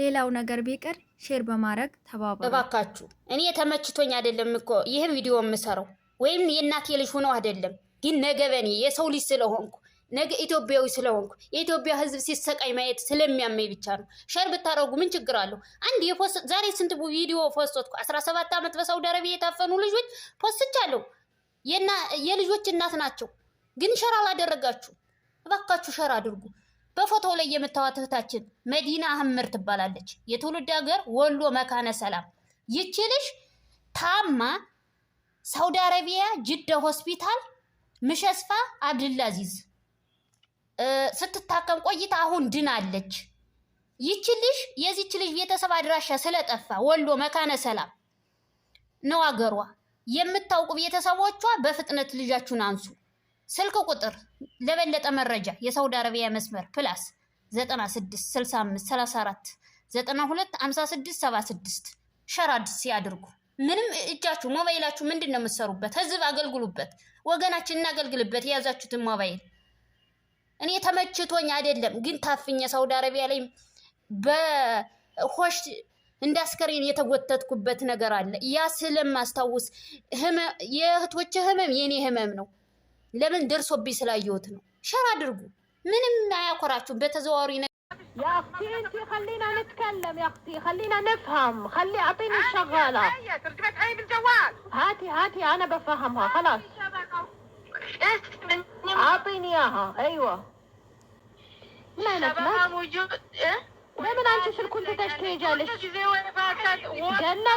ሌላው ነገር ቢቀር ሼር በማድረግ ተባባሉ እባካችሁ። እኔ ተመችቶኝ አይደለም እኮ ይህ ቪዲዮ የምሰራው ወይም የእናቴ ልጅ ሆነው አይደለም፣ ግን ነገ የሰው ልጅ ስለሆንኩ ነገ ኢትዮጵያዊ ስለሆንኩ የኢትዮጵያ ሕዝብ ሲሰቃይ ማየት ስለሚያመኝ ብቻ ነው። ሸር ብታደረጉ ምን ችግር አለው? አንድ ዛሬ ስንት ቪዲዮ ፖስቶትኩ? አስራ ሰባት ዓመት በሳውዲ አረቢያ የታፈኑ ልጆች ፖስቻለሁ። የልጆች እናት ናቸው፣ ግን ሸር አላደረጋችሁ። እባካችሁ ሸር አድርጉ። በፎቶ ላይ የምታዋት እህታችን መዲና አህምር ትባላለች። የትውልድ ሀገር ወሎ መካነ ሰላም። ይቺ ልጅ ታማ ሳውዲ አረቢያ ጅዳ ሆስፒታል ምሸስፋ አብድላዚዝ ስትታከም ቆይታ አሁን ድናለች። ይቺ ልጅ የዚች ልጅ ቤተሰብ አድራሻ ስለጠፋ ወሎ መካነ ሰላም ነው አገሯ። የምታውቁ ቤተሰቦቿ በፍጥነት ልጃችሁን አንሱ። ስልክ ቁጥር ለበለጠ መረጃ የሳውዲ አረቢያ መስመር ፕላስ 966534925676 ሸራድ ያድርጉ። ምንም እጃችሁ ሞባይላችሁ ምንድን ነው የምትሰሩበት? ህዝብ አገልግሉበት፣ ወገናችን እናገልግልበት። የያዛችሁትን ሞባይል እኔ ተመችቶኝ አይደለም ግን ታፍኝ ሳውዲ አረቢያ ላይ በሆሽ እንዳስከሬን የተጎተትኩበት ነገር አለ። ያ ስለማስታውስ የእህቶች ህመም የእኔ ህመም ነው። لمن ለምን ደርሶብኝ ስላየሁት ነው። ሸር አድርጉ። ما አያኮራችሁም። بتزواري ነገር يا اختي انت خلينا نتكلم يا اختي خلينا نفهم خلي اعطيني الشغاله هي ترجمت علي بالجوال هاتي هاتي انا بفهمها خلاص اعطيني اياها ايوه مالك ما موجود إيه؟ لمن انت شو كنت تشتري جالس جنة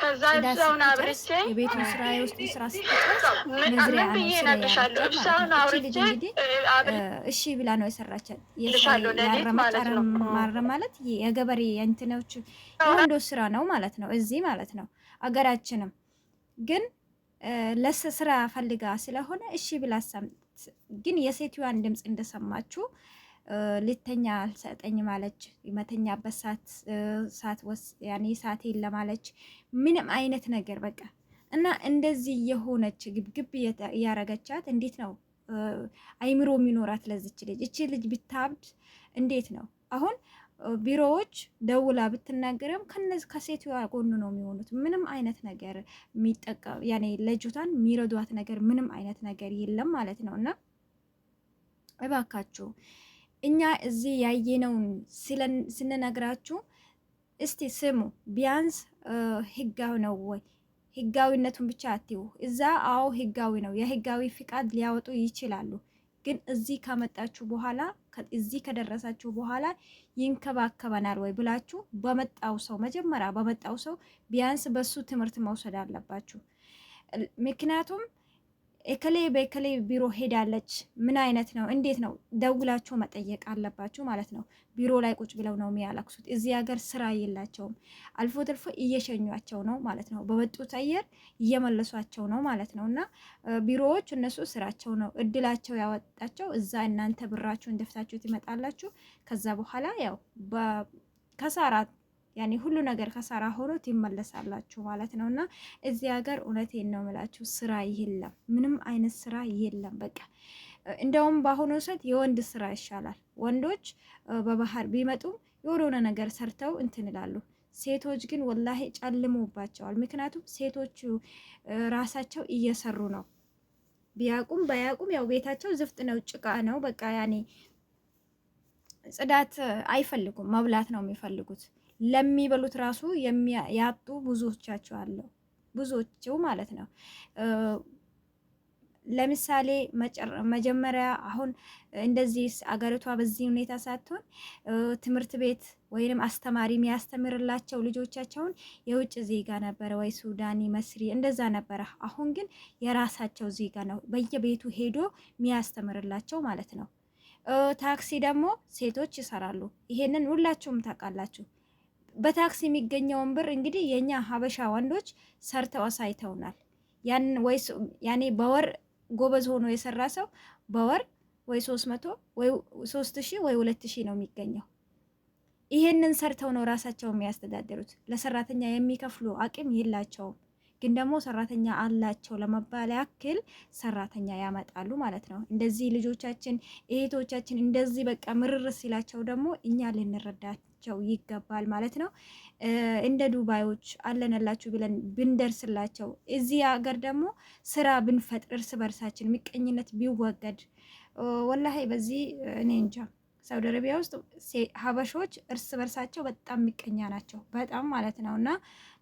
ከዛ እዛውን አብርቼ የቤቱን ስራ የውስጥ ስራ ስጨርስ መዝሪያ ነው እሺ ብላ ነው የሰራቻት። ማረ ማለት የገበሬ እንትኖች የወንዶች ስራ ነው ማለት ነው እዚህ ማለት ነው አገራችንም ግን ለስራ ፈልጋ ስለሆነ እሺ ብላ ግን የሴትዮዋን ድምፅ እንደሰማችሁ ልተኛ አልሰጠኝ ማለች፣ መተኛበት ሰዓት ያኔ ሰዓት የለ ማለች፣ ምንም አይነት ነገር በቃ እና እንደዚህ የሆነች ግብግብ ያረገቻት እንዴት ነው አይምሮ የሚኖራት ለዚች ልጅ? እቺ ልጅ ብታብድ እንዴት ነው አሁን ቢሮዎች ደውላ ብትናገርም ከነዚህ ከሴቱ ጎኑ ነው የሚሆኑት። ምንም አይነት ነገር የሚጠቀም ያኔ ለጆታን የሚረዷት ነገር ምንም አይነት ነገር የለም ማለት ነው እና እባካችሁ እኛ እዚህ ያየነውን ስንነግራችሁ እስቲ ስሙ። ቢያንስ ህጋዊ ነው ወይ? ህጋዊነቱን ብቻ አትዩ። እዛ አዎ ህጋዊ ነው፣ የህጋዊ ፍቃድ ሊያወጡ ይችላሉ። ግን እዚህ ከመጣችሁ በኋላ እዚህ ከደረሳችሁ በኋላ ይንከባከበናል ወይ ብላችሁ በመጣው ሰው መጀመሪያ በመጣው ሰው ቢያንስ በሱ ትምህርት መውሰድ አለባችሁ። ምክንያቱም እከሌ በእከሌ ቢሮ ሄዳለች፣ ምን አይነት ነው እንዴት ነው ደውላችሁ መጠየቅ አለባችሁ ማለት ነው። ቢሮ ላይ ቁጭ ብለው ነው የሚያለቅሱት። እዚህ ሀገር ስራ የላቸውም። አልፎ ተርፎ እየሸኟቸው ነው ማለት ነው። በወጡት አየር እየመለሷቸው ነው ማለት ነው። እና ቢሮዎች እነሱ ስራቸው ነው፣ እድላቸው ያወጣቸው። እዛ እናንተ ብራችሁን ደፍታችሁ ትመጣላችሁ። ከዛ በኋላ ያው ከሳራ ያኔ ሁሉ ነገር ከሰራ ሆኖት ይመለሳላችሁ ማለት ነው። እና እዚህ ሀገር እውነቴን ነው የምላችሁ ስራ የለም፣ ምንም አይነት ስራ የለም። በቃ እንደውም በአሁኑ ሰዓት የወንድ ስራ ይሻላል። ወንዶች በባህር ቢመጡም የሆነ ነገር ሰርተው እንትን ይላሉ። ሴቶች ግን ወላሂ ጨልሞባቸዋል። ምክንያቱም ሴቶቹ ራሳቸው እየሰሩ ነው ቢያቁም ባያቁም ያው ቤታቸው ዝፍጥ ነው፣ ጭቃ ነው። በቃ ያኔ ጽዳት አይፈልጉም፣ መብላት ነው የሚፈልጉት። ለሚበሉት ራሱ ያጡ ብዙዎቻቸው አለው ብዙዎቹ ማለት ነው። ለምሳሌ መጀመሪያ አሁን እንደዚህ አገሪቷ በዚህ ሁኔታ ሳትሆን ትምህርት ቤት ወይም አስተማሪ የሚያስተምርላቸው ልጆቻቸውን የውጭ ዜጋ ነበረ ወይ ሱዳኒ፣ መስሪ እንደዛ ነበረ። አሁን ግን የራሳቸው ዜጋ ነው በየቤቱ ሄዶ የሚያስተምርላቸው ማለት ነው። ታክሲ ደግሞ ሴቶች ይሰራሉ። ይሄንን ሁላችሁም ታውቃላችሁ። በታክስ የሚገኘውን ብር እንግዲህ የኛ ሀበሻ ወንዶች ሰርተው አሳይተውናል። ያን ወይስ ያኔ በወር ጎበዝ ሆኖ የሰራ ሰው በወር ወይ መቶ ወይ ሺህ ወይ ሺህ ነው የሚገኘው። ይሄንን ሰርተው ነው ራሳቸው የሚያስተዳድሩት። ለሰራተኛ የሚከፍሉ አቅም የላቸውም። ግን ደግሞ ሰራተኛ አላቸው ለመባል ያክል ሰራተኛ ያመጣሉ ማለት ነው። እንደዚህ ልጆቻችን እህቶቻችን እንደዚህ በቃ ምርር ሲላቸው ደግሞ እኛ ልንረዳቸው ይገባል ማለት ነው። እንደ ዱባዮች አለንላችሁ ብለን ብንደርስላቸው፣ እዚህ ሀገር ደግሞ ስራ ብንፈጥር፣ እርስ በርሳችን ምቀኝነት ቢወገድ ወላሂ በዚህ እኔ እንጃ ሳውዲ አረቢያ ውስጥ ሀበሾች እርስ በርሳቸው በጣም የሚቀኛ ናቸው፣ በጣም ማለት ነው። እና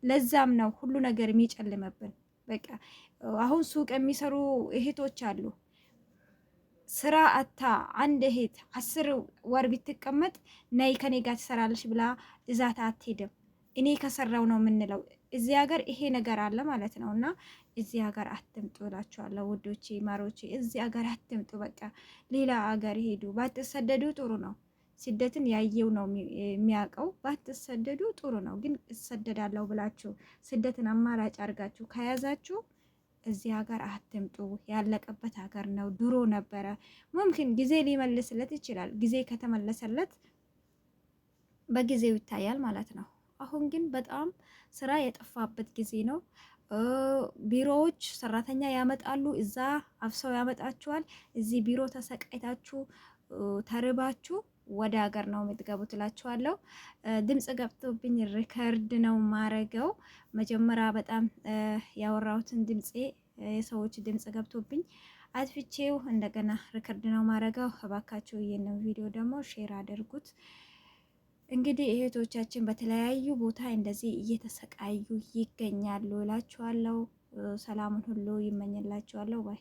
ለዛም ነው ሁሉ ነገር የሚጨልምብን። በቃ አሁን ሱቅ የሚሰሩ እህቶች አሉ። ስራ አታ አንድ እህት አስር ወር ብትቀመጥ ነይ ከኔ ጋር ትሰራለች ብላ እዛት አትሄድም። እኔ ከሰራው ነው የምንለው እዚህ ሀገር ይሄ ነገር አለ ማለት ነው። እና እዚህ ሀገር አትምጡ እላችኋለሁ ውዶቼ፣ ማሮቼ፣ እዚህ ሀገር አትምጡ። በቃ ሌላ ሀገር ሄዱ ባትሰደዱ ጥሩ ነው። ስደትን ያየው ነው የሚያውቀው። ባትሰደዱ ጥሩ ነው። ግን እሰደዳለሁ ብላችሁ ስደትን አማራጭ አድርጋችሁ ከያዛችሁ እዚህ ሀገር አትምጡ። ያለቀበት ሀገር ነው። ድሮ ነበረ። ሙምኪን ጊዜ ሊመልስለት ይችላል። ጊዜ ከተመለሰለት በጊዜው ይታያል ማለት ነው። አሁን ግን በጣም ስራ የጠፋበት ጊዜ ነው። ቢሮዎች ሰራተኛ ያመጣሉ፣ እዛ አፍሰው ያመጣችኋል። እዚህ ቢሮ ተሰቃይታችሁ ተርባችሁ ወደ ሀገር ነው የምትገቡ ትላችኋለሁ። ድምፅ ገብቶብኝ ሪከርድ ነው ማረገው። መጀመሪያ በጣም ያወራሁትን ድምፄ የሰዎች ድምጽ ገብቶብኝ አትፍቼው እንደገና ሪከርድ ነው ማረገው። እባካችሁ ይህንን ቪዲዮ ደግሞ ሼር አድርጉት። እንግዲህ እህቶቻችን በተለያዩ ቦታ እንደዚህ እየተሰቃዩ ይገኛሉ እላችኋለሁ። ሰላሙን ሁሉ ይመኝላችኋለሁ ባይ